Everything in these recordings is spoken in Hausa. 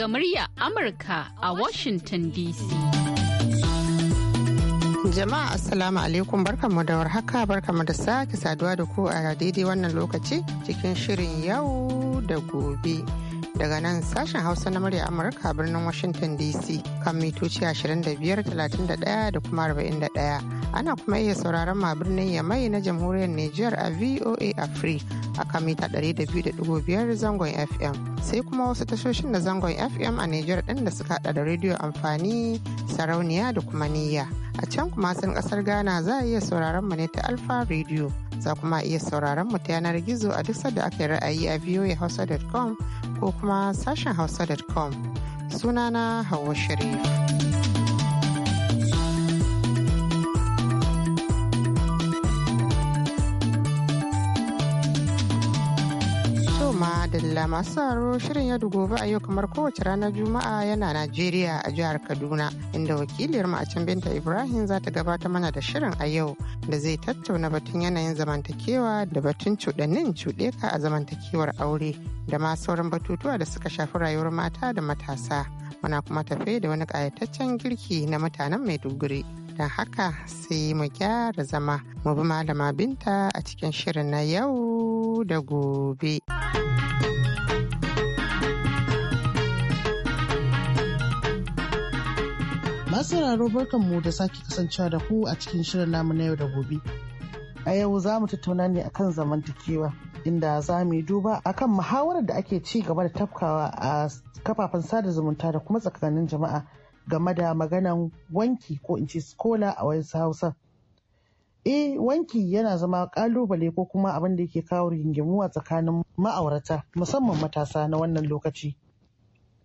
daga murya Amurka a Washington DC. Jama'a Assalamu alaikum barkanmu da warhaka barkanmu da sake saduwa da ku a daidai wannan lokaci cikin shirin yau da gobe. daga nan sashen hausa na murya amurka birnin washington dc kan mitoci 25 31 da kuma 41 ana kuma iya sauraron ma birnin yamai na jamhuriyar Nijar a VOA Afri a kan mita 200.5 zangon FM sai kuma wasu tashoshin da zangon FM a Nijar ɗin da suka haɗa da rediyo amfani sarauniya da kuma niyya. A can kuma sun ƙasar Ghana za a iya sauraron mu ne ta Alfa Radio. Za kuma iya sauraron mu ta yanar gizo a duk sadda aka yi ra'ayi a voahausa.com ko kuma sashen hausa.com. Sunana hawa Sharif. Madalla masu sauraro shirin yau gobe a yau kamar kowace ranar Juma'a yana Najeriya a jihar Kaduna inda wakiliyar mu a can Binta Ibrahim za ta gabatar mana da shirin a yau da zai tattauna batun yanayin zamantakewa da batun cuɗanin cuɗe a zamantakewar aure da ma sauran batutuwa da suka shafi rayuwar mata da matasa. Muna kuma tafe da wani ƙayataccen girki na mutanen Maiduguri. Da haka sai mu gyara zama mu bi malama binta a cikin shirin na yau da gobe. Masu barkan barkanmu da sake kasancewa da ku a cikin shirin namu na yau da gobe. A yau za mu tattauna ne akan zamantakewa inda za mu yi duba akan muhawarar da ake ci gaba da tafkawa a kafafen sada zumunta da kuma tsakanin jama'a game da maganan wanki ko in ce skola a wasu hausa. E wanki yana zama kalubale ko kuma abin da yake kawo rigingimu a tsakanin ma'aurata musamman matasa na wannan lokaci.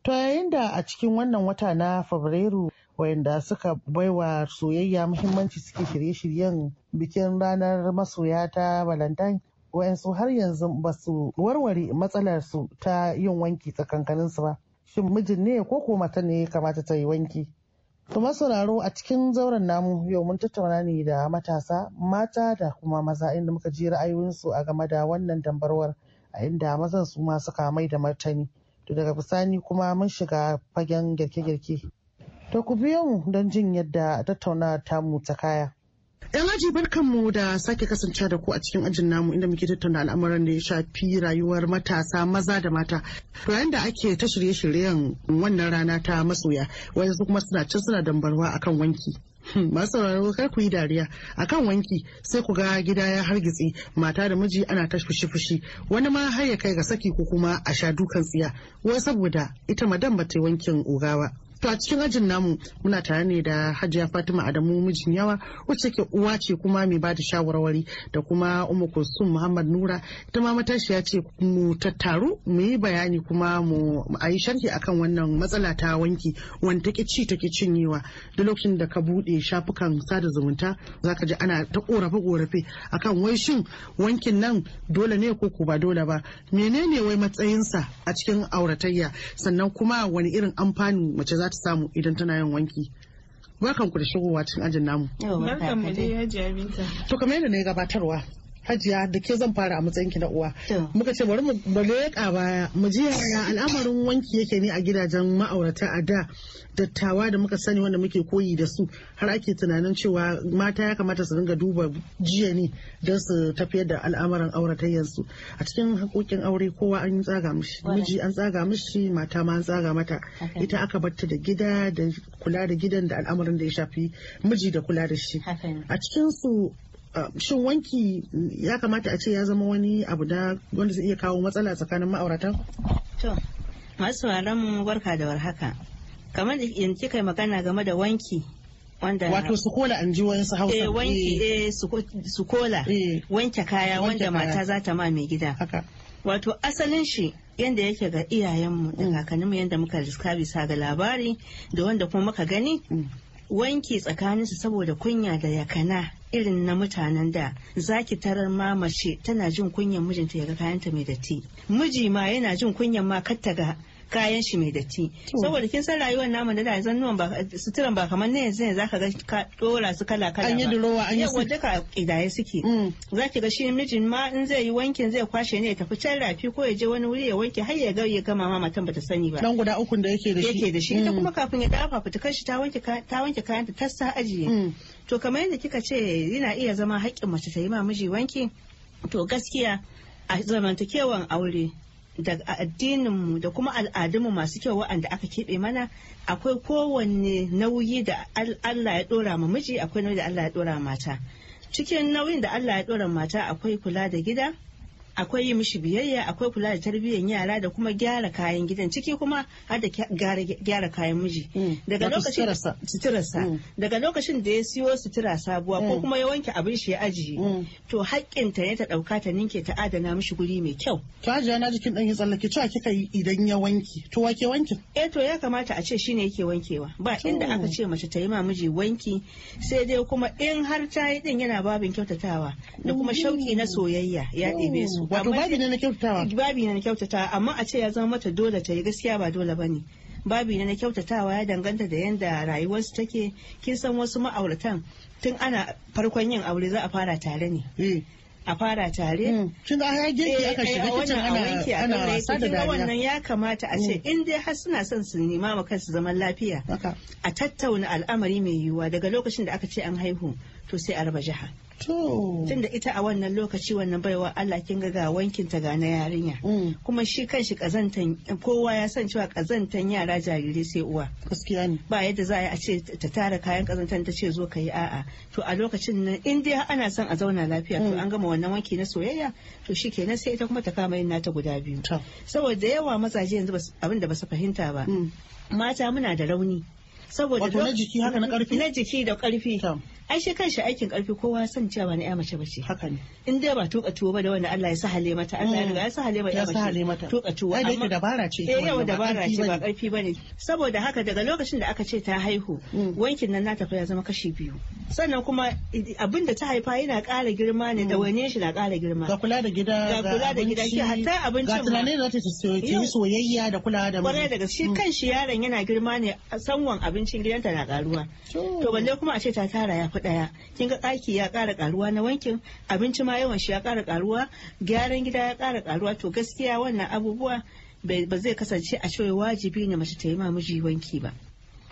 To yayin da a cikin wannan wata na Fabrairu wayanda suka baiwa soyayya muhimmanci suke shirye-shiryen bikin ranar masoya ta valentine wayansu har yanzu ba su warware matsalar su ta yin wanki tsakankanin su ba shin mijin ne ko ko mata ne ya kamata ta yi wanki Su masauraro a cikin zauren namu yau mun tattauna ne da matasa mata da kuma maza inda muka ji ra'ayoyinsu a game da wannan tambarwar a inda mazan su ma suka mai da martani to daga bisani kuma mun shiga fagen girke-girke To ku biyo mu don jin yadda tattauna tamu ta kaya. Yan aji barkanmu da sake kasancewa da ku a cikin ajin namu inda muke tattauna al'amuran da ya shafi rayuwar matasa maza da mata. To da ake ta shirye-shiryen wannan rana ta masoya, wasu kuma suna can suna dambarwa kan wanki. Hmm, masu sauraro kar ku yi dariya akan wanki sai ku ga gida ya hargitse mata da miji ana ta fushi fushi wani ma har ya kai ga saki ko kuma a sha dukan tsiya wai saboda ita madan ba ta wankin ogawa To a cikin ajin namu muna tare ne da Hajiya Fatima Adamu mijin yawa wacce ke uwa ce kuma mai da shawarwari da kuma Umma Kulsum Muhammad Nura ta ma ya ce mu tattaru mu yi bayani kuma mu a yi sharhi akan wannan matsala ta wanki wanda ke ci take cinyewa da lokacin da ka bude shafukan sada zumunta zaka ji ana ta korafe korafe akan wai shin wankin nan dole ne ko ba dole ba menene wai matsayinsa a cikin auratayya sannan kuma wani irin amfani mace za ta su samu idan tana yin wanki barkan ku da shigowa cikin ajin namu to kamar yadda na gabatarwa hajiya da ke zan fara a matsayin ki na uwa muka ce bari mu ya baya mu ji yaya al'amarin wanki yake ne a gidajen ma'aurata a da dattawa da muka sani wanda muke koyi da su har ake tunanin cewa mata ya kamata su dinga duba jiya ne don su tafiyar da al'amarin auratayyar su a cikin hakokin aure kowa an tsaga mishi miji an tsaga mishi mata ma an tsaga mata ita aka batta da gida da kula da gidan da al'amarin da ya shafi miji da kula da shi a cikin su shin wanki ya kamata a ce ya zama wani abu da wanda zai iya kawo matsala tsakanin ma'auratan? To, masu mu barka da warhaka. Kamar da in kai magana game da wanki wanda wato sukola an ji wayansu hausa eh wanki eh, eh sukola eh. wanke kaya wanda mata za ta ma mai gida wato asalin shi yanda yake ga iyayenmu da mm. kakanninmu yanda muka riska bisa ga labari da wanda kuma muka gani mm. wanki tsakaninsu saboda kunya da yakana irin na mutanen da zaki tarar ma mace tana jin kunyan mijinta ya ga kayanta mai datti miji ma yana jin kunyan ma kar kayan shi mai datti saboda kin san rayuwar namu da da nuwan ba suturan ba kamar ne yanzu zaka ga ka dora su kala kala an yi durowa an yi wanda ka kidaye suke mm. zaki ga shi mijin ma in zai yi wankin zai kwashe ne ya tafi can rafi ko ya je wani wuri ya wanke har ya ga ya gama ma matan bata sani ba dan guda ukun da yake da shi yake da shi ita mm. kuma kafin ya dafa fitukar shi ta wanke ta wanke kayan ta tassa ajiye mm. to kamar yadda kika ce yana iya zama haƙƙin mace ta yi ma miji wanki to gaskiya a zamantakewan aure Daga addininmu da kuma al'adunmu masu kyau waɗanda aka keɓe mana akwai kowanne nauyi da Allah ya ɗora ma miji akwai nauyi da Allah ya ɗora mata cikin nauyin da Allah ya ɗora mata akwai kula da gida akwai yi mishi biyayya akwai kula da tarbiyyar yara da kuma gyara kayan gidan ciki kuma har da gyara kayan miji mm. daga lokacin suturarsa mm. daga lokacin da ya siyo sutura sabuwa ko mm. kuma ya wanke abin shi ya ajiye to haƙƙin ta ne ta ɗauka ta ninke ta adana mishi guri mai kyau to ajiya na jikin ɗan ya tsallake cewa kika yi idan ya wanki to wa ke wankin eh to ya kamata a ce shine yake wankewa ba inda aka ce mace ta yi ma miji wanki sai dai kuma in har ta yi din yana babin kyautatawa da kuma shauki na soyayya ya ɗebe su wato babi na kyautatawa babi na kyautatawa amma a ce ya zama mata dole ta yi gaskiya ba dole ne babi na kyautatawa ya danganta da yadda rayuwarsu take kin san wasu ma'auratan tun ana farkon yin aure za a fara tare ne eh. a fara tare. Tun da ya girki eh, aka shiga kicin ana ana wasa da dariya. Wannan ya kamata a ce hmm. in dai har suna son su nema ma kansu zaman lafiya. A tattauna al'amari mai yiwuwa daga lokacin da aka ce an haihu. to sai a raba jiha tunda ita a wannan lokaci wannan baiwa Allah kin ga wankin ta ga na yarinya mm. kuma shi kanshi kazantan kowa ya san cewa kazantan yara jarirai sai uwa gaskiya ne ba yadda za a ce ta tara kayan kazantan ta ce zo ka yi a'a to a lokacin nan in dai ana son a zauna lafiya to mm. an gama wannan wanki na soyayya to shi kenan sai ita kuma ta kama yin nata guda biyu saboda yawa mazaje yanzu abin da ba su fahimta ba mm. mata muna da rauni saboda na jiki haka na karfi na jiki da karfi ai shi kanshi aikin karfi kowa san cewa na ya mace bace haka ne in dai ba tuka tuwo ba da wanda Allah ya sahale mata Allah ya riga ya sahale mata mm, ya sahale mata tuka tuwo ai da dabara ce eh yawa dabara ce ba karfi bane saboda haka daga lokacin da aka ce ta haihu mm. wankin nan na tafi ya zama kashi biyu sannan kuma abin da ta haifa yana ƙara girma ne da mm. wane shi na ƙara girma ga kula da gida ga kula da gida shi hatta abincin ga tunanin da ta yi soyayya da kula da mu. kwarai da gaske shi kanshi yaron yana girma ne sanwan abin abincin gidanta na karuwa to balle kuma a ce ta tara ya fi daya kin ga ɗaki ya kara karuwa na wankin abinci ma yawan shi ya kara karuwa gyaran gida ya ƙara karuwa to gaskiya wannan abubuwa ba zai kasance a cewa wajibi ne mace ta yi ma miji wanki ba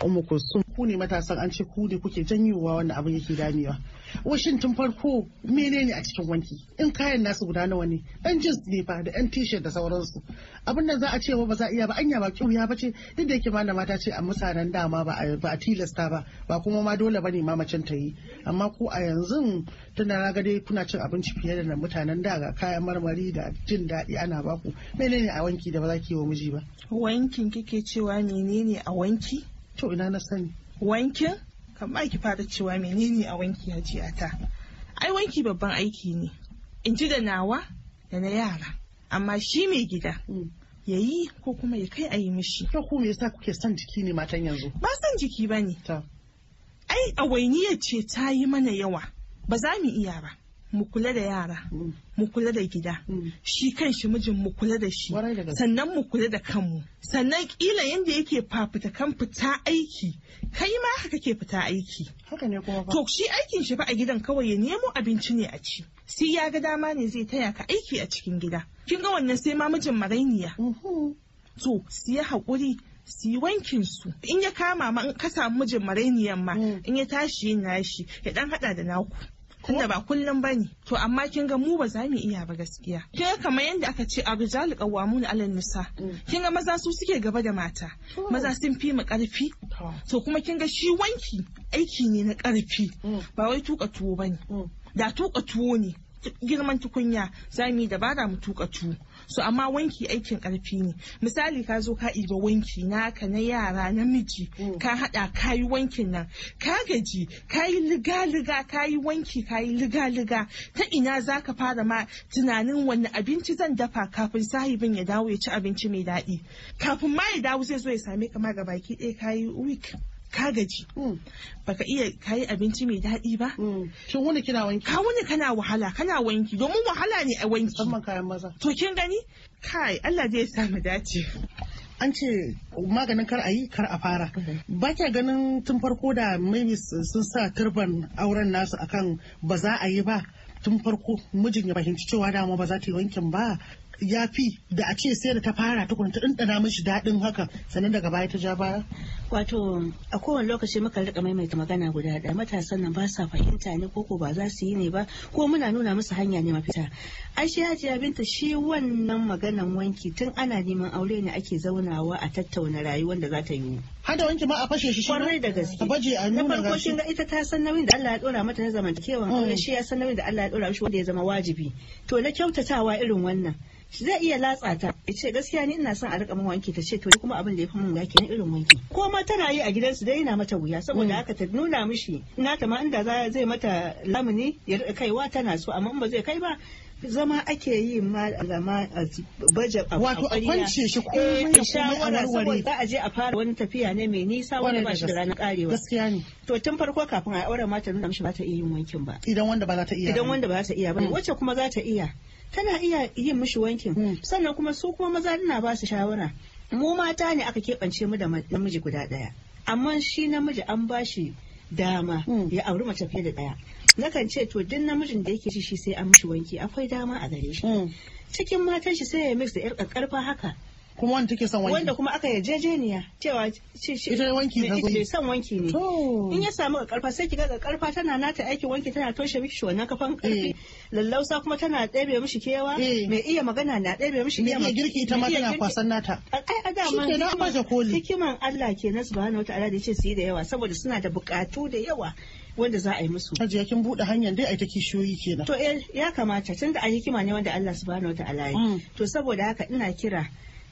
Umma Kulsum ku ne matasan an ce ku ne kuke janyowa wanda abin yake damewa. Washin tun farko menene a cikin wanki? In kayan nasu guda nawa ne? Dan jeans ne fa da yan t da sauransu. Abin da za a ce wa ba za a iya ba anya ba kyauya ba ce duk da yake malama ta ce a mutanen dama ba a tilasta ba ba kuma ma dole bane ne ma macen ta yi. Amma ko a yanzu tana raga dai kuna cin abinci fiye da mutanen da ga kayan marmari da jin daɗi ana baku menene a wanki da ba za ki yi wa miji ba. Wankin kike cewa menene a wanki? to ina na sani wankin kamar ki fara cewa menene a wanki ta ai wanki babban aiki ne in ji da nawa da na yara amma shi mai gida hmm. ya yi ko kuma ya kai a yi mishi ko ku me yasa kuke son jiki ne matan yanzu ba son jiki ba ne ai awainiya ce ta yi mana yawa ba za mu iya ba mu kula da yara mm. mu kula da gida mm. shi kan shi mijin mu kula da shi sannan mu kula da kanmu sannan kila yanda yake fafita kan fita aiki kai ma haka ke fita aiki haka ne kuma to shi aikin shi ba a gidan kawai ya nemo abinci ne a ci sai ya ga dama ne zai taya ka aiki a cikin gida kin ga wannan sai ma mijin marainiya mm-hmm. to siya haƙuri su yi wankin su in ya kama ma in ka samu mijin marainiyan ma mm. in ya tashi yin nashi ya dan hada da naku tunda ba kullum bane to amma kin ga mu ba za mu iya ba gaskiya kin ya kamar yadda aka ce arjalu qawwamun alal nisa mm. kin ga maza su suke gaba da mata maza sun fi mu karfi to kuma kin ga shi wanki aiki ne na karfi mm. ba wai tuka tuwo bane mm. da tuka tuwo ne girman tukunya za mu yi da dabara mu tuka su so amma wanki aikin karfi ne misali ka zo ka iba wanki naka na yara namiji mm. ka haɗa ka yi wankin nan ka gaji ka yi liga liga ka yi wanki ka yi liga liga ta ina za ka fara ma tunanin wani abinci zan dafa kafin sahibin ya dawo ya ci abinci mai daɗi kafin ma ya dawo zai zo ya same ka ma ga baki ɗaya ka yi week ka gaji mm. baka iya kayi abinci mai daɗi ba kin mm. wani kina wanki ka wani kana wahala kana wanki domin wahala ne a wanki musamman kayan maza to kin gani kai Allah zai sa mu dace an ce maganin kar a yi kar a fara mm-hmm. ba kya ganin tun farko da maybe sun sa turban auren nasu akan ba za a yi ba tun farko mijin ya fahimci cewa dama ba za ta yi wankin ba ya fi da a ce sai da ta fara tukuna ta ɗanɗana mishi daɗin haka sannan daga baya ta ja baya Wato a kowane lokaci muka rika maimaita magana guda ɗaya matasan nan ba sa fahimta ne ko ko ba za su yi ne ba ko muna nuna musu hanya ne mafita. Ai shi Hajiya Binta shi wannan maganan wanki tun ana neman aure ne ake zaunawa a tattauna rayuwar da za ta yi. Hada wanki ma a fashe shi kwarai da gaske. A baje a nuna farko shin ga ita ta san nauyin da Allah ya dora mata na zamantakewa aure mm. shi ya san nauyin da Allah ya dora shi wanda ya zama wajibi. To na kyautatawa irin wannan. zai iya latsa ta ya ce gaskiya ni ina son a rika min wanki ta ce to ni kuma abin da ya fi min wuya kenan irin wanki ko ma tana yi a gidansu dai yana mata wuya saboda mm. haka ta nuna mishi ina ta ma inda zai mata lamuni ya rika kaiwa tana so amma in ba zai kai ba zama ake yi ma zama a baje a wato a kwance shi ko eh, mai shawara saboda za a je a fara wani tafiya ne mai nisa wanda ba shi da ranar karewa gaskiya ne to tun farko kafin a aure mata nuna mishi ba ta iya yin wankin ba idan wanda ba za ta iya idan wanda ba za ta iya ba mm. wacce kuma za ta iya tana iya yin mishi wankin hmm. sannan kuma su kuma maza na ba su shawara mu mata ne aka keɓance mu da namiji guda ɗaya amma shi namiji an ba shi dama hmm. ya auri mace fiye da ɗaya nakan ce to duk namijin da yake ci shi sai an mishi wanki akwai dama a gare shi hmm. cikin matan shi sai ya mix da yar ƙarƙarfa haka kuma wanda take son wanki wanda kuma aka yarjejeniya cewa ita wanki ta zo son wanki ne in ya samu ga karfa sai ki ga karfa tana nata aikin wanki tana toshe miki shi wannan kafan karfi eh. lallausa kuma tana ɗebe mishi kewa eh. mai iya magana na ɗebe mishi kewa mai girki ita ma tana kwasan nata ai a da man hikiman Allah kenan subhanahu wataala da yace su yi da yawa saboda suna da bukatu da yawa wanda za a yi musu. Hajiya kin buɗe hanyar dai a ta kishiyoyi kenan. To eh, ya kamata tun da a hikima ne wanda Allah subhanahu wa ta'ala yi. Mm. To saboda haka ina kira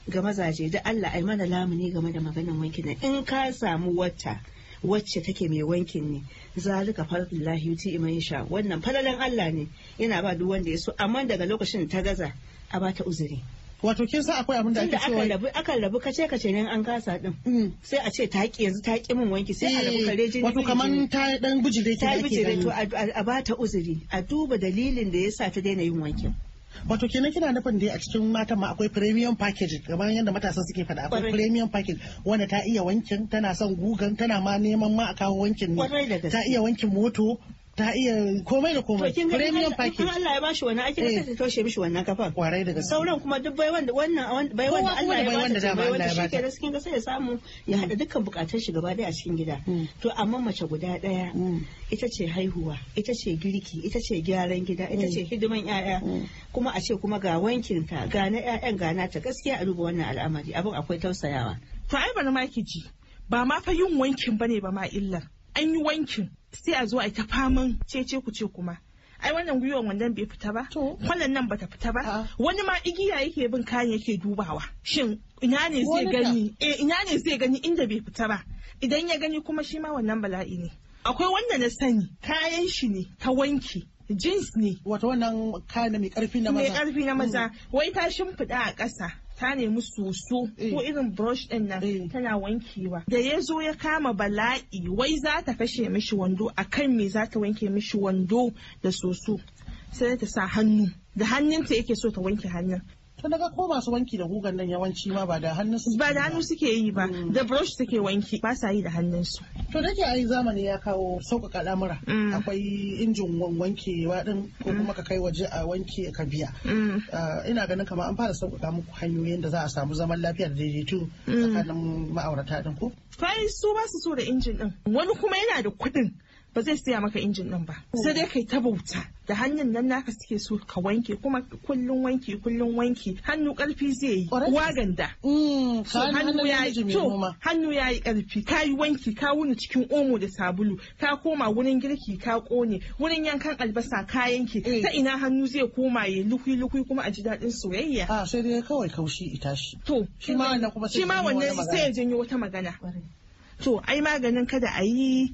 ga mazaje da Allah ai mana lamuni game da maganin wankin nan in ka samu wata wacce take mai wankin ne zalika fadlillahi yuti iman sha wannan falalan Allah ne yana ba duk wanda ya so amma daga lokacin ta gaza a bata uzuri wato kin san akwai abin da ake cewa akan rabu akan rabu kace kace ne an kasa din mm. sai a ce ta ki yanzu ta ki min wanki sai a rabu eh, kare jini wato kaman ta dan bujire ta bujire to a bata uzuri a duba dalilin da yasa ta daina yin wankin wato kenan kina nufin dai a cikin matan ma akwai premium package kamar yadda matasa suke faɗa akwai premium package wanda ta iya wankin tana son gugan tana ma neman ma a kawo wankin ne ta iya wankin moto ta iya komai da komai premium package kuma Allah ya bashi wannan ake kasa eh. ta toshe mishi wannan kafa kwarai daga sauran kuma duk bai wanda wannan bai wanda Allah ya bashi bai wanda shi ke da cikin sai ya samu ya hada dukkan bukatun shi gaba daya a cikin gida hmm. to amma mace guda daya hmm. ita ce haihuwa ita ce girki ita ce gyaran gida ita ce hmm. hidiman yaya kuma a ce kuma ga wankin ta ga na yayan ga na ta gaskiya a duba wannan al'amari abin akwai tausayawa to ai bari ma ji ba ma fa yin wankin bane ba ma illa an yi wankin sai a zo a ta faman cece ku ce kuma ai wannan gwiwan wannan bai fita ba kwallon nan bata fita ba ah. wani ma igiya yake bin kayan yake dubawa shin ina ne zai gani E ina ne zai gani inda bai fita ba idan ya gani kuma shi ma wannan bala'i ne akwai wanda na sani kayan shi ne ta wanki jeans ne wato wannan kayan mai karfi na maza mai mm. karfi na maza wai ta shimfiɗa a ƙasa ta nemi soso eh. ko irin brush din nan eh. tana wankewa da ya zo ya kama bala'i wai za ta kashe mishi wando akan me za ta wanke mishi wando da soso sai ta sa hannu da hannunta yake so ta wanke hannun to daga ko masu wanki da gugan nan yawanci ma ba da hannun su ba da hannu suke yi ba mm. da brush suke wanki ba sa yi da hannun su to da ke ai zamani ya kawo sauƙaƙa lamura mm. akwai injin wa din ko mm. kuma ka kai waje a wanke ka biya ah, ina ganin kamar an fara sauƙaƙa muku hanyoyin da za a samu zaman lafiya da daidaito tsakanin ma'aurata din ko fa su ba su so da injin din wani kuma yana da kuɗin ba zai siya maka injin din ba hmm. sai dai kai ta bauta da hannun nan naka suke so ka wanke kuma kullun wanki kullun wanki hannu karfi zai yi uwa ganda hmm, hannu ya yi hannu ya yi karfi ka yi wanki ka wuni cikin omo da sabulu ka koma wurin girki ka kone wurin yankan albasa ka yanke eh. ta ina hannu zai koma ya lukui lukui kuma a ji daɗin soyayya a ah, sai dai kawai kaushi ita shi to shi ma wannan sai ya janyo wata magana to ai maganin kada a yi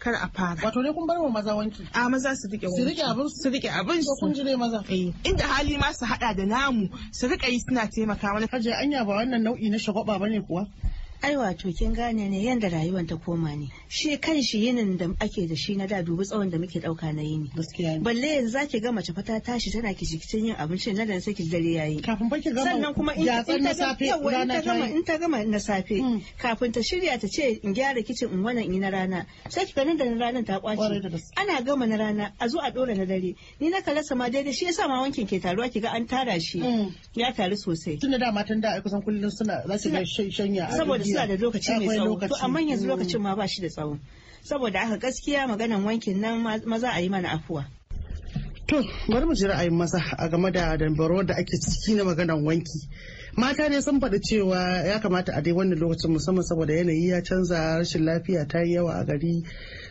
kar a fara wato dai kun bar wa maza wanki a maza su rike su rike abin su rike abin su kun jire maza eh inda hali ma su hada da namu su rika yi suna taimaka mana kaje anya ba wannan nau'i na shagwaba bane kuwa ai wato kin gane ne yanda rayuwar ta koma ne shi kan shi yinin da ake da shi na da dubu tsawon da muke dauka na yini balle yanzu zaki ga mace fata tashi tana ki cikin yin abinci na da sai ki dare yayi kafin ba ki gama sannan kuma in ta safe rana ta in ta gama na safe mm. kafin ta shirya ta ce in gyara kicin in wannan in na rana sai ki ganin da na ranar ta kwace ana gama na rana a zo a dora na dare ni na kalasa ma daidai shi yasa ma wankin ke taruwa ki ga an tara shi mm. ya taru sosai tunda da matan da ai kusan kullun suna za su ga shanya suna da lokaci mai tsawo to amma yanzu mm. lokacin ma ba shi da tsawo saboda haka gaskiya maganan wankin nan maza a yi mana afuwa to bari mu ji ra'ayin maza a game da dambaro da ake ciki na maganan wanki mata ne sun faɗi cewa ya kamata a dai wannan lokacin musamman saboda yanayi ya canza rashin lafiya ta yi yawa a gari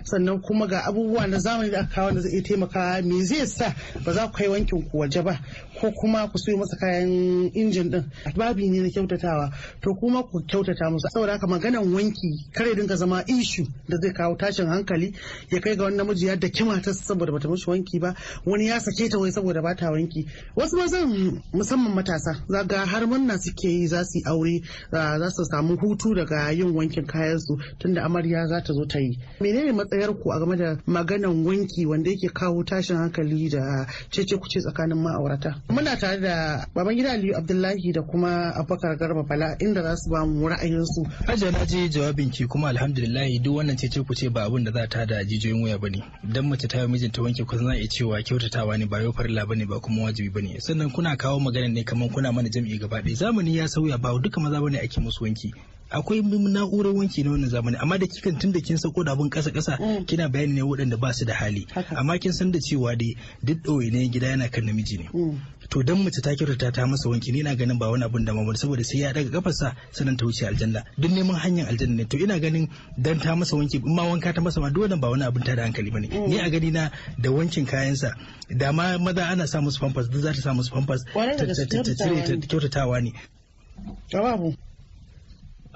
sannan kuma ga abubuwa na zamani da aka kawo da zai iya taimakawa me zai sa ba za ku kai wankin ku waje ba ko kuma ku sayo masa kayan injin din babi ne na kyautatawa to kuma ku kyautata musu saboda haka maganan wanki ya dinga zama ishu da zai kawo tashin hankali ya kai ga wani namiji ya daki matarsa saboda bata mishi wanki ba wani ya sake ta wai saboda bata wanki wasu zan musamman matasa Ga har manna suke yi za su yi aure za su samu hutu daga yin wankin kayan su tunda amarya za ta zo ta yi menene matsayar ku a game da maganan wanki wanda yake kawo tashin hankali da cece kuce tsakanin ma'aurata. Muna tare da baban gida Aliyu Abdullahi da kuma Abubakar Garba Bala inda za su ba mu ra'ayinsu. Hajiya na je jawabin ki kuma alhamdulillahi duk wannan cece kuce ba abin da za ta da jijiyoyin wuya ne Dan mace ta yi mijinta wanki kusan zan iya cewa kyautatawa ne ba yau farilla bane ba kuma wajibi bane. Sannan kuna kawo magana ne kamar kuna mana jam'i gaba ɗaya. Zamani ya sauya ba duka maza bane ake musu wanki. akwai na'urar wanki na wannan zamani amma da kikan tun da kin sako da abin kasa kasa mm. kina bayani ne waɗanda ba su da hali amma kin san da cewa dai duk ne gida yana kan namiji ne mm. to dan mace ta kyautata ta masa wanki ni na ganin ba wani abin da mamar saboda sai ya daga kafarsa sanan ta wuce aljanna duk neman hanyar aljanna ne to ina ganin dan ta masa wanki in ma wanka ta masa ma dole ba wani abin ta da hankali bane mm. ni a gani na da wankin kayansa da ma maza ana sa musu pampers duk za ta sa musu pampers ta cire ta ta ne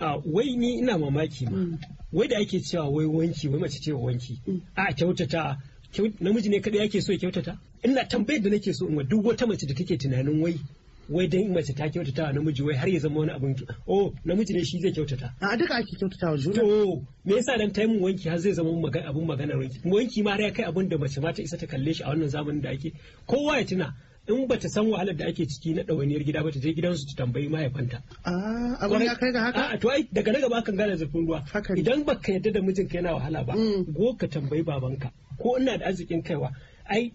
a wai ni ina mamaki ma mm. wai da ake cewa wai wanki wai mace cewa wanki mm. a kyautata namiji ne kada yake so ya kyautata ina tambayar da nake so in duk wata mace da take tunanin wai wai dan mace ta kyautata namiji wai har ya zama wani abin oh namiji ne shi zai kyautata a duka ake kyautata wa juna to me yasa dan tayi wanki har zai zama abin magana wanki wanki ma har ya kai abin da mace ma ta isa ta kalle shi a wannan zamanin da ake kowa ya tuna in ba ta san wahalar da ake ciki na ɗawainiyar gida ba ta je gidansu ta tambayi mahaifanta. Ah, wani ya kai ga haka? to ai daga na gaba kan gane zafin ruwa. Idan ba ka yadda da mijinka yana wahala ba, mm. go ka tambayi babanka ko ina da arzikin kaiwa. Ai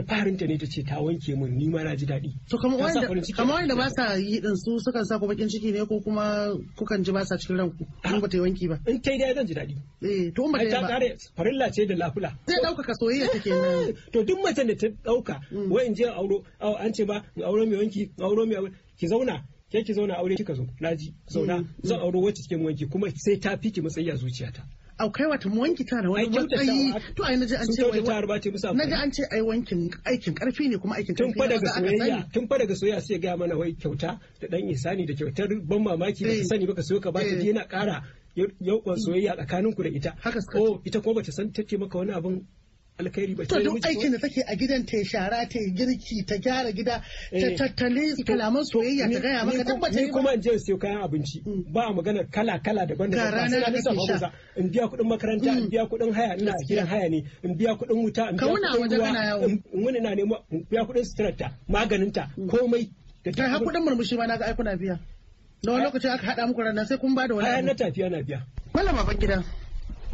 ta ne ta ce ta wanke mun ni ma na ji daɗi. To kamar wanda ba sa yi din su sukan sa ku bakin ciki ne ko kuma kukan ji ba sa cikin ranku in ba ta yi wanki ba. In kai dai zan ji daɗi. Eh to in ba ta yi ba. kare farilla ce da lafula. Zai ka soyayya take nan. To duk macen da ta ɗauka mm. wai in je auro an ce ba auro mai wanki auro mai ki zauna ke ki zauna aure kika zo naji zauna mm. zan auro wacce cikin wanki kuma sai ta fiki ki matsayi a zuciyata. a kai wata wanki tana wani matsayi to ai naji an ce wai naji an ce ai wankin aikin karfi ne kuma aikin karfi tun fa daga soyayya tun fa daga soyayya sai ga mana wai kyauta da dan isani da kyautar ban mamaki ba eh. sani ba ka so ka ba ta eh. yana yau yauƙon soyayya tsakaninku da ita. Haka suka. Oh, ita kuma bata san take maka wani abin alkhairi ba. To duk aikin da take a gidan ta shara ta girki ta gyara gida ta eh. tattali kalaman soyayya ta gaya maka tabbata ni kuma in je siyo kayan abinci mm. ba magana kala kala daban daban ba sai na sha in biya kuɗin makaranta in mm. biya kuɗin haya ina gidan haya ne in biya kuɗin wuta in biya kuɗin ruwa in wani na nemo in biya kuɗin suturarta maganinta mm. komai. Kai har kuɗin murmushi ma na ga aikuna biya. Na wani lokaci aka haɗa muku ranar sai kun ba da wani. Ai na tafiya na biya. Malam baban gida.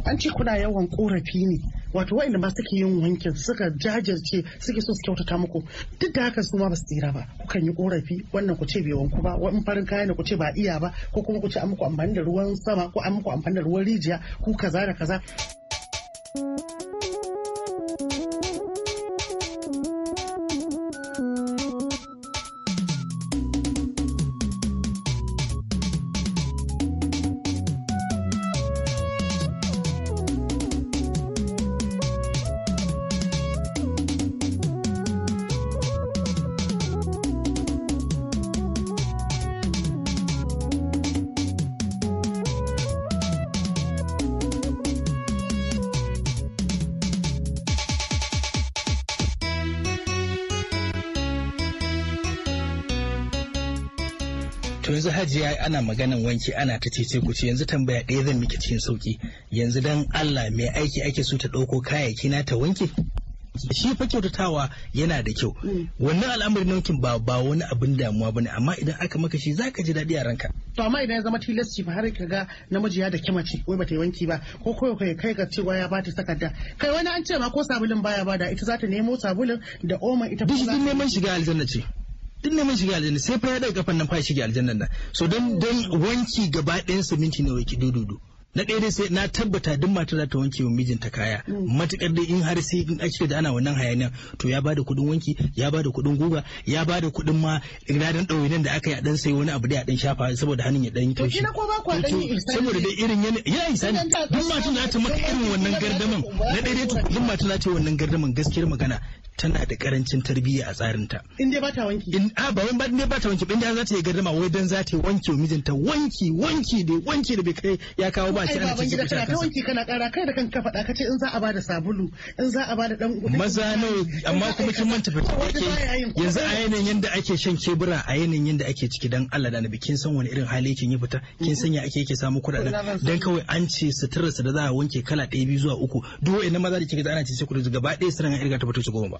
An ce kuna yawan korafi ne wato waɗanda masu suke yin wankin suka jajirce suke so su kyautata muku duk da haka su ma ba su tsira ba kukan yi korafi wannan ku ce bai wanku ba wani farin kaya ne ku ce ba iya ba ko kuma ku ce an muku amfani da ruwan sama ko an muku amfani da ruwan rijiya ku kaza da kaza. to yanzu hajiya ana maganan wanki ana ta cece ku ce yanzu tambaya ɗaya zan miki cikin sauki yanzu dan Allah mai aiki ake so ta ɗauko kayayyaki na ta wanke shi fa kyautatawa yana da kyau mm. wannan al'amarin nankin ba ba wani abin damuwa bane amma idan aka maka shi zaka ji daɗi a ranka to amma idan ya zama tilasci fa har kaga ga namiji ya da kimaci wai bata yi wanki ba ko ko kai kai ga cewa ya bata takarda kai wani an ce ma ko sabulin baya bada ita za ta nemo sabulin da omo ita ba neman shiga aljanna ce duk neman shiga aljanna sai fa ya dauka kafan nan fa shiga aljannan nan so dan dan wanki gaba ɗayan siminti ne waki dududu na ɗaya dai sai na tabbata duk mata za ta wanke wa mijinta kaya mm. matukar dai in har sai in ake da ana wannan hayaniyan to ya bada kuɗin wanki ya bada kuɗin guga ya bada kuɗin ma radan nan da aka yi a dan sai wani abu dai a dan shafa saboda hannun ya dan yi taushi saboda dai irin yana ya yi sani duk mata za ta maka irin wannan gardaman na ɗaya dai duk mata za ta yi wannan gardaman gaskiyar magana tana da karancin tarbiyya a tsarinta. In dai ba ta wanki. In a ba wai ba dai ba ta wanki in dai za ta yi gardama wai dan za ta yi wanki mijinta wanki wanki da wanki da bai kai ya kawo ba shi ana cikin ba ta wanki kana kara kai da kanka faɗa kace in za a bada sabulu in za a bada dan gudu. Maza nawa amma kuma kin manta fa yake yanzu a yanayin yanda ake shan kebura a yanayin yanda ake ciki dan Allah da nabi kin san wani irin hali kin yi fita kin san ya ake yake samu kuɗaɗen dan kawai an ce suturarsa da za a wanke kala ɗaya biyu zuwa uku duk wa'annan maza da kike ana ci sai ku gaba ɗaya su ran irga ta fito su goma ba.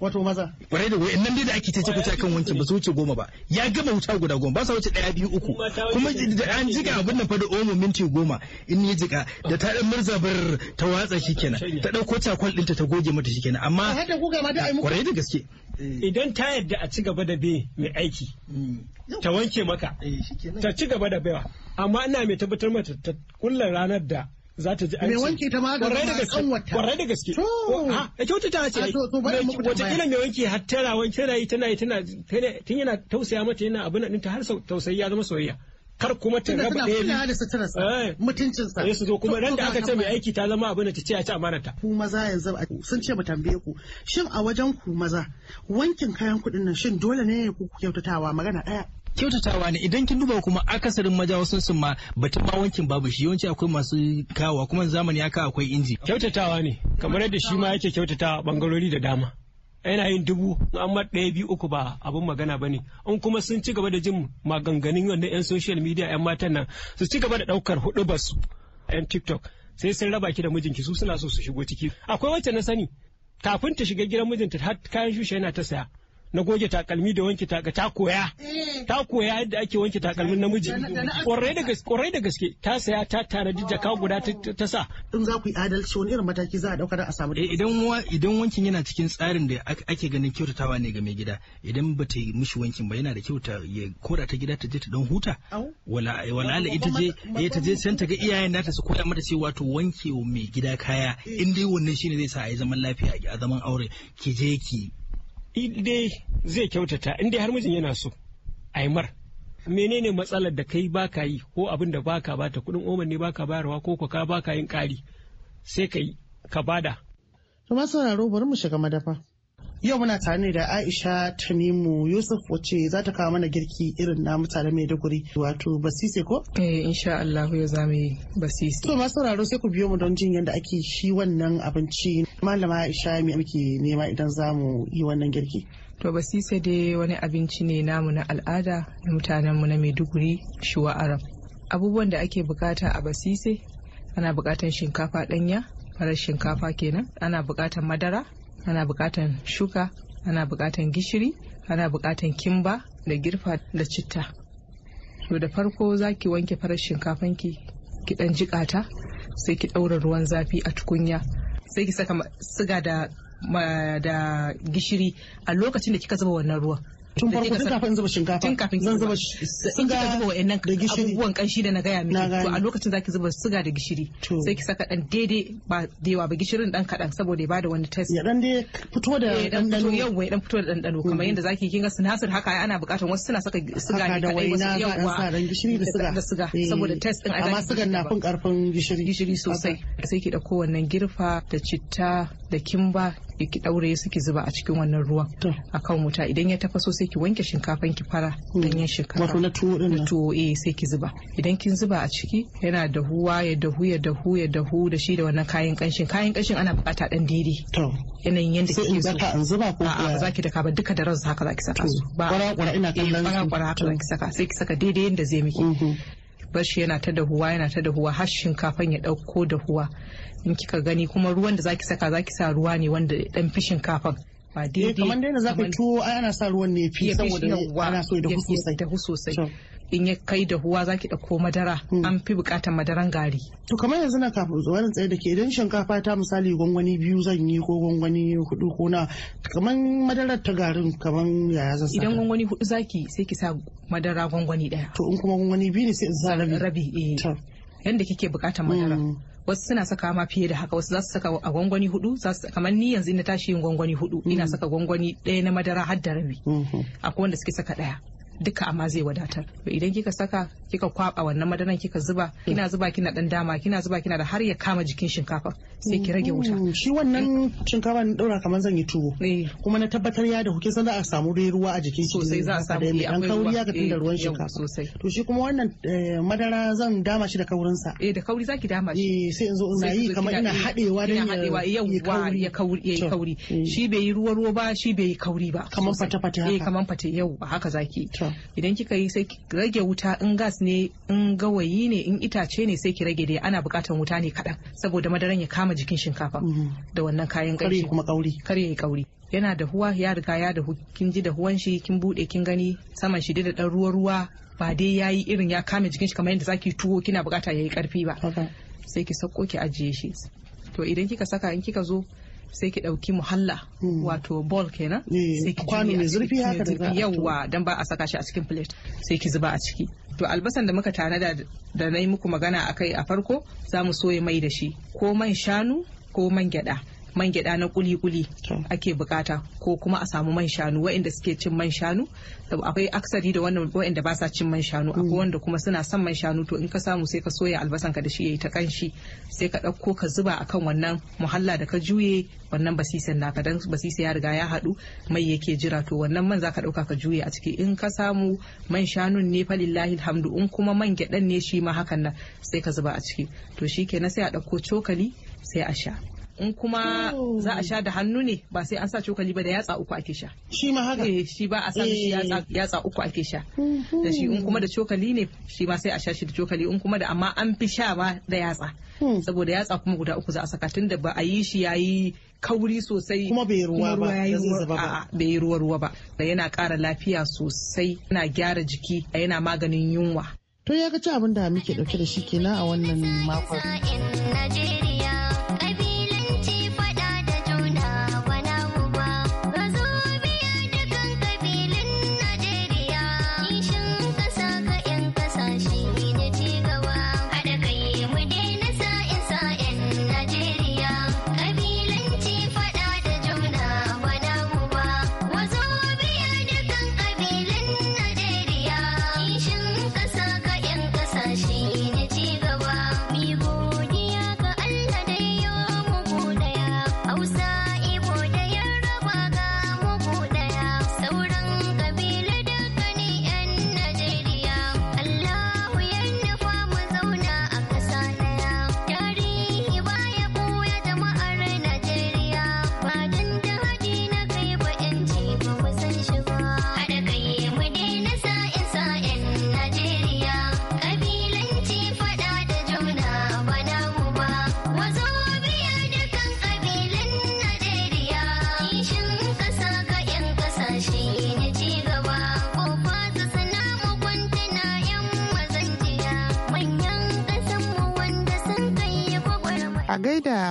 wato maza kwarai da wai nan dai da ake tace kuce akan wancan ba su wuce goma ba ya gama wuta guda goma ba sa wuce daya biyu uku kuma an jika abin nan fa da omo minti goma in ya jika da ta dan murza bar ta watsa shikenan ta dauko cakwal dinta ta goge mata shikenan amma hadda ma da ai muku kwarai da gaske idan ta yadda a ci gaba da be mai aiki ta wanke maka eh, ta ci gaba da baiwa amma ina mai tabbatar mata ta kullar ranar da za ta ji an mai wanke ta ma ga kan wata kwarai da gaske to a kyautata ce wata kila mai wanke har tana wanki tana yi tana yi tana tun yana tausaya mata yana abin nan ta har tausayi ya zama soyayya kar kuma ta raba ɗaya biyu. da suturarsa eh. mutuncinsa. Ya su zo kuma ran da aka ce mai aiki ta zama abin da ta ce a ci ta. Ku maza yanzu sun ce mu tambaye ku shin a wajen ku maza wankin kayan kuɗin nan shin dole ne ku kyautatawa magana ɗaya. kyautatawa ne idan kin duba kuma akasarin maza wasu sun ma batun ma wankin babu shi yawanci akwai masu kawa kuma zamani aka akwai inji kyautatawa ne kamar yadda shi ma yake kyautatawa bangarori da dama yana yin dubu amma ɗaya biyu uku ba abin magana ba ne in kuma sun ci gaba da jin maganganun wannan 'yan social media 'yan matan nan su ci gaba da ɗaukar hudu su. 'yan tiktok sai sun raba ki da mijinki su suna so su shigo ciki akwai wacce na sani kafin ta shiga gidan mijinta har kayan shushe yana ta saya na goge takalmi da wanke taka ta koya eh. ta koya yadda ake wanke takalmin namiji kwarai da gaske kwarai da gaske ta saya ta tare da jaka guda ta sa in za ku yi adalci wani irin mataki za a dauka da a samu eh, idan idan wankin yana cikin tsarin da ake ganin kyautatawa ne ga mai gida idan ba ta yi mishi wankin ba yana da kyauta ya koda ta gida ta je ta dan huta wala wala ita je ya ta je san ta ga iyayen nata su koya mata cewa to wanke mai gida kaya eh. in dai wannan shine zai sa a yi zaman lafiya a zaman aure ki je ki dai zai kyautata in dai har mijin yana so aimar menene matsalar da kai baka yi ko abin da baka bata kudin oman ne baka bayarwa ko ka baka yin kari sai ka yi ka bada to sauraro bari mu shiga madafa Yau muna tare ne da Aisha Tanimu Yusuf wacce za ta kawo mana girki irin na mutane Maiduguri wato basise ko? Eh insha Allah ya za mu yi basise. To masu sauraro sai ku biyo mu don jin yadda ake shi wannan abinci. Malama Aisha me muke nema idan za mu yi wannan girki? To basise dai wani abinci ne namu na al'ada na mutanenmu na Maiduguri shuwa Arab. Abubuwan da ake bukata a basise ana bukatan shinkafa ɗanya farar shinkafa kenan ana bukatan madara ana buƙatan shuka ana buƙatan gishiri ana buƙatan kimba da girfa da citta to da farko za ki wanke farar shinkafanki ki ɗan jikata sai ki ɗaura ruwan zafi a tukunya sai ki saka siga da da gishiri a lokacin da kika zuba wannan ruwan tun farko tun kafin zuba shinkafa tun kafin zan zuba siga da wa'annan abubuwan kanshi da na gaya miki to a lokacin zaki zuba siga da gishiri sai ki saka dan daidai ba da yawa ba gishirin dan kadan saboda ya bada wani test ya dan dai fito da dandano eh, yawa ya dan fito da dandano kamar mm-hmm. yadda zaki kin ga sinasir haka ana bukatar wasu suna saka siga ne kadai wasu yawa dan gishiri da siga da siga eh. saboda test din amma sigan na fin karfin gishiri gishiri sosai sai ki dauko wannan girfa da citta da kin ba ki daure su ki zuba a cikin wannan ruwan kan wuta idan ya tafaso sai ki wanke shinkafan ki fara danyen hmm. shinkafa wato na tuwo din tuwo eh sai ki zuba idan kin zuba a ciki yana da huwa ya dahu ya dahu ya dahu da shi da wannan kayan kanshin kayan kanshin ana bukata dan daidai to yanayin yadda kike so sai in zuba ko a zaki da ba duka da ransa haka zaki saka su ba kwara kwara ina kallon kwara eh, kwara haka zaki saka sai ki saka daidai yadda zai miki mm-hmm. Rashi yana ta dahuwa yana ta dahuwa har shinkafan ya dauko dahuwa in kika gani kuma ruwan da zaki saka zaki sa ruwa ne wanda dan fi shinkafan ba eh, daidai kamar da za zaka tuwo ana sa ruwan ne fi saboda ana so da hu sosai in ya kai da huwa zaki dauko madara hmm. an fi bukatar madaran gari to kamar yanzu na kafin zuwa tsaye da ke idan shinkafa ta misali gwangwani biyu zan yi ko gwangwani hudu ko na kamar madarar ta garin kamar yaya zan idan gwangwani hudu zaki sai ki sa madara gwangwani daya to in kuma gwangwani biyu ne sai in sa rabi rabi eh yanda kike bukatar madara hmm. wasu suna saka ma fiye da haka wasu za su saka a gwangwani hudu kamar ni yanzu ina tashi yin gwangwani hudu ina hmm. saka gwangwani ɗaya na madara har da rabi akwai wanda suke saka ɗaya duka amma zai wadatar to idan kika saka kika kwaba wannan madaran kika zuba kina zuba kina dan dama kina zuba kina da har ya kama jikin shinkafa sai ki rage wuta mm, shi wannan shinkafa na daura kamar zan yi tuwo eh. kuma na tabbatar ya da san za a samu ruwa a jikin shi sosai za a samu an kauri ya ga tunda eh, ruwan shinkafa sosai to shi kuma wannan eh, madara zan dama shi da kaurin sa eh da kauri zaki dama shi eh sai in zo in yi kamar ina hadewa dan ya kauri ya kauri mm. shi bai yi ruwa ruwa ba shi bai yi kauri ba kamar fata fata haka eh kamar fata yau haka zaki idan kika yi sai rage wuta in gas ne in gawayi ne in itace ne sai ki rage dai ana buƙatar wuta ne kaɗan saboda madaran ya kama jikin shinkafa mm-hmm. da wannan kayan kare kuma kauri kar ya kauri yana da huwa ya riga ya dahu kin ji da huwan shi kin bude kin gani saman shi da dan ruwa ruwa ba dai yayi irin ya kama jikin shi kamar yadda zaki tuwo kina bukata yayi karfi ba sai ki sauko ki ajiye shi to idan kika saka in kika zo sai ki ɗauki muhalla hmm. wato ball kenan hmm. sai ki kwano mai zurfi haka da yawa dan ba a saka shi a cikin plate sai ki zuba a ciki to albasan da muka tanada da na yi muku magana akai a farko za mu soya mai da shi ko man shanu ko man gyada man gyada na kuli-kuli ake bukata ko kuma a samu man shanu waɗanda suke cin man shanu akwai aksari da wannan waɗanda ba sa cin man shanu akwai mm. wanda kuma suna son man shanu to in ka samu sai ka soya albasan ka da shi yayi ta kanshi sai ka ɗauko ka zuba akan wannan muhalla da ka juye wannan basisan naka dan basisa ya riga ya haɗu mai yake jira to wannan man zaka ɗauka ka juye a ciki in ka samu man shanun ne fa alhamdu in kuma man gyadan ne shi ma hakan nan sai ka zuba a ciki to shikenan sai a ɗauko cokali sai a sha in kuma hmm. za a sha da hannu ne ba sai an sa cokali ba da yatsa uku ake sha shi ma haka eh shi ba a sa shi eh. yatsa uku ake sha hmm. da shi in kuma da cokali ne shi ma sai a sha shi da cokali in kuma da amma an fi sha ba da yatsa hmm. saboda yatsa kuma guda uku za a saka tunda ba a yi shi yayi kauri sosai kuma bai ruwa ba a'a bai ruwa ruwa ba da yana ƙara lafiya sosai yana gyara jiki yana maganin yunwa to ya ga ci abin da muke dauke da shi kenan a wannan makon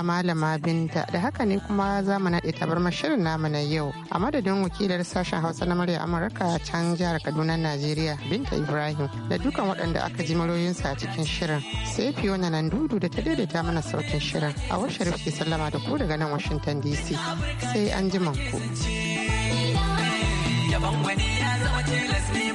malama binta da haka ne kuma za mu naɗe tabarmar shirin namu na yau a madadin wakilar sashen hausa na murya amurka can jihar kaduna najeriya binta ibrahim da dukan waɗanda aka ji maroyinsa a cikin shirin sai fiona nan dudu da ta daidaita mana saukin shirin a washe rufe sallama da ku daga nan washington dc sai an ji ku. Yabon wani ya zama tilas ne